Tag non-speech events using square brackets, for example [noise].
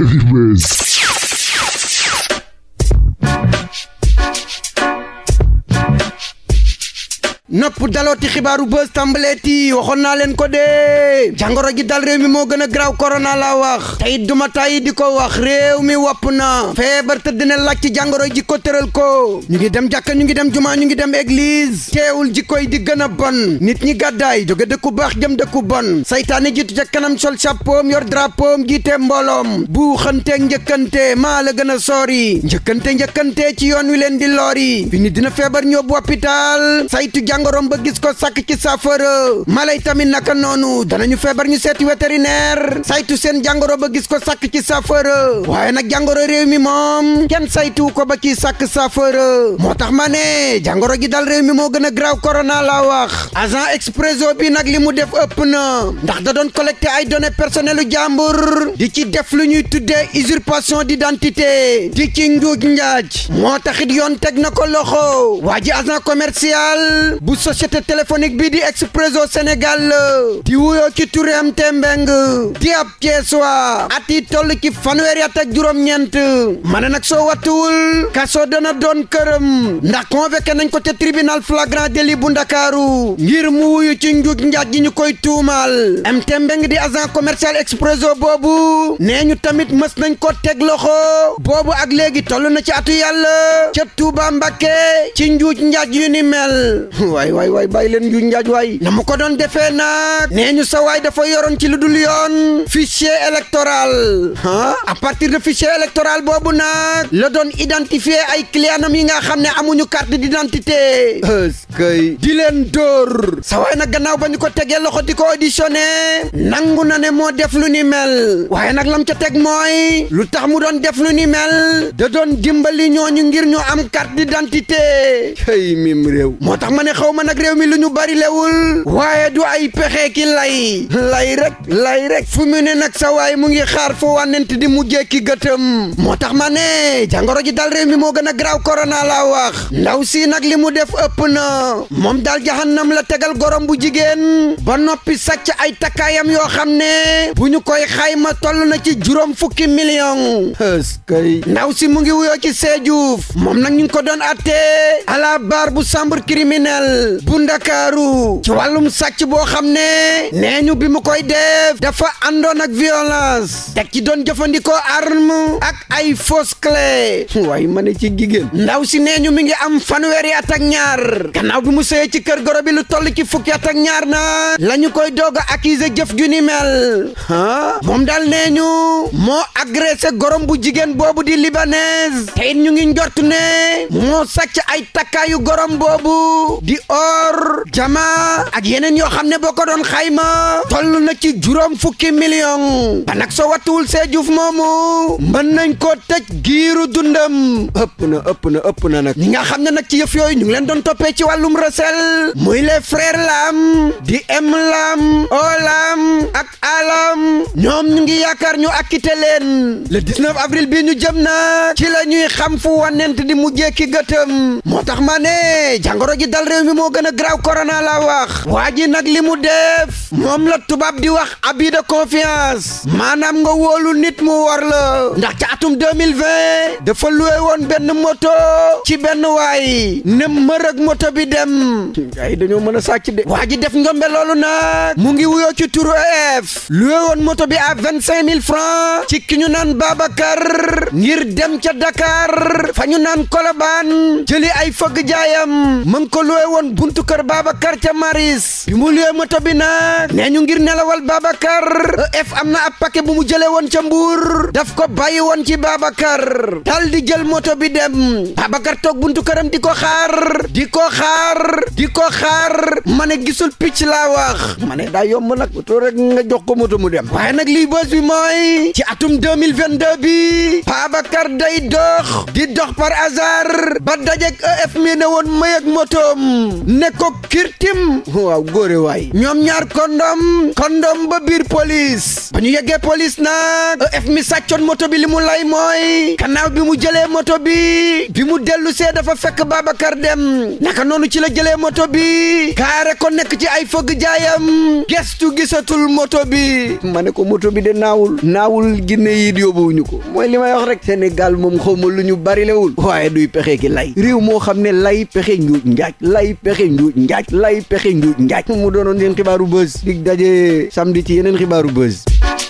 Anyways. nopp dalooti xibaaru bës tàmbaleeti waxoon naa leen ko dee jàngoro ji dal réew mi moo gën a graaw korona la wax teyit duma tàyyi di ko wax réew mi wapp na feebar te dina laaj ci jàngoro ji ko tëral ko ñu ngi dem jàkka ñu ngi dem jumaa ñu ngi dem église teewul ji koy di gën a bon nit ñi gàddaay jóge dëkku baax jëm dëkku bon saytaane ji ca kanam sol chapeau yor drapeau jiite mbooloom bu xante njëkkante maa la gën a sori njëkkante njëkkante ci yoon wi leen di dina feebar ñëw bu hôpital saytu jàng jàngoroom ba gis ko mala yi tamit naka noonu ñu feebar ñu seeti vétérinaire saytu seen jàngoro ba gis ko sàkk ci saafara waaye nag jàngoro réew mi moom kenn saytu ko ba ci sakk saafara moo tax ma ne jàngoro gi dal réew mi moo gën a graaw corona la wax agent expresso bi nag li mu def ëpp na ndax da doon collecté ay données personnelles jàmbur di ci def lu ñuy tuddee usurpation d'identité di ci njuuj njaaj moo taxit yoon teg na ko loxo waa ji agent bu téléphonique bii di Expresso Sénégal euh, di wuyoo ci turi am tembeng di ab Ceesuwaa at yi toll ci fanweeri at ak juróom-ñeent ma ne nag soo wattuwul kaso dana doon këram ndax convoqué nañ ko te tirbinal flagrant délit bu Ndakaaru ngir mu wuyu ci njuuj njaaj gi ñu koy tuumaal am tembeng di agent commercial Expresso boobu nee ñu tamit mës nañ ko teg loxo boobu ak léegi toll na ci atu yàlla Tuuba Mbàkke ci njuuj njaaj yu ni mel [laughs] waay waay waay bàyyi leen njuuj njaaj waay na mu ko doon defee nag nee ñu sa dafa yoroon ci lu dul yoon fichier électoral a à partir de fichier électoral boobu nag la doon identifier ay clientam yi nga xam ne amuñu di carte d'identité eskay di leen dóor sa waay nag gannaaw ba ñu ko tegee loxo di ko auditionné nangu na ne moo def lu ni mel waaye nag lam ca teg mooy lu tax mu doon def lu ni mel da doon dimbali ñooñu ngir ñu am carte d'identité hey mim réew moo tax ma ne réew ma nag réew mi lu ñu bari lewul waaye du ay pexe ki lay lay rek lay rek fu mu ne nag sa waay mu ngi xaar fu wànnent di mu ki gëtëm moo tax ma ne jàngoro ji dal réew mi moo gën a graaw korona laa wax ndaw si nag li mu def ëpp na moom daal jahannam la tegal gorom bu jigéen ba noppi sàcc ay takkaayam yoo xam ne bu ñu koy xayma toll na ci juróom fukki million ndaw si mu ngi wuyoo ci Sédhiou moom nag ñu ko doon attee à la bu chambre criminelle bu ndakaaru ci wàllum sàcc boo xam ne nee ñu bi mu koy def dafa àndoon ak violence teg ci doon jëfandikoo arme ak ay fausse clé [laughs] waaye ma ne ci jigéen ndaw si nee ñu mi ngi am fanweeri at ak ñaar gannaaw bi mu sëyee ci kër goro bi lu toll ci fukki at ak ñaar na la ñu koy doog a accuser jëf ju ni mel ah moom daal nee ñu moo agressé gorom bu jigéen boobu di libanaise te it ñu ngi njort ne moo sàcc ay takkaayu gorom boobu di or jama ak yeneen yoo xam ne boo ko doon xayma toll na ci juróom fukki million ba nag soo wattuwul see juuf moomu mën nañ koo tëj giiru dundam ëpp na ëpp na ëpp na nag ñi nga xam ne nag ci yëf yooyu ñu ngi leen doon toppee ci wàllum recel muy le frères lam di em lam o lam ak alam ñoom ñu ngi yaakaar ñu acquitté leen le 19 avril ñu jëm na ci la ñuy xam fu wanent di mujjee ki gëtëm moo tax ma ne jàngoro ji dal réew mi mi moo gën a graaw korona la wax waa ji nag li mu def moom la tubaab di wax abii de confiance maanaam nga wóolu nit mu war la ndax ca atum 2020 dafa luwe woon benn moto ci benn waay ne mërëg moto bi dem ay dañoo mën a sàcc de waa ji def njombe loolu nag mu ngi wuyoo ci turu EF luwe woon moto bi à vingt cinq mille francs ci ki ñu naan Babacar ngir dem ca Dakar fa ñu naan Colobane jëli ay fëgg jaayam mu ngi ko luwe woon buntu kër Babacar ca Maris bi mu luwe moto bi nag nee ñu ngir nelawal Babacar ef am na ab paquet bu mu jële woon ca Mbuur daf ko bàyyi woon ci Babacar dal di jël moto bi dem Babacar toog buntu këram di ko xaar di ko xaar di ko xaar ma ne gisul picc laa wax ma ne daa yomb nag bu rek nga jox ko moto mu dem waaye nag lii bës bi mooy ci atum 2022 bi Babacar day dox di dox par hasard ba dajek ef mi ne woon may ak ne ko kirtim waaw góore waay ñoom ñaar kon kondom kondom ba biir police ba ñu yeggee police nag ef mi sàccoon moto bi li mu lay mooy gannaaw bi mu jëlee moto bi bi mu dellu see dafa fekk Babacar dem naka noonu ci la jëlee moto bi kaare ko nekk ci ay fëgg jaayam gestu gisatul moto bi ma ne ko moto bi de naawul naawul ginne yi yóbbuwuñu ko mooy li may wax rek Sénégal moom xawma lu ñu bari lewul waaye duy pexe ki lay réew moo xam ne lay pexe njuuj njaaj lay pexe njuuj njaaj lay pexe njuuj njaaj mu doonoon seen xibaaru bës dig daje samedi ci yeneen xibaaru buzz.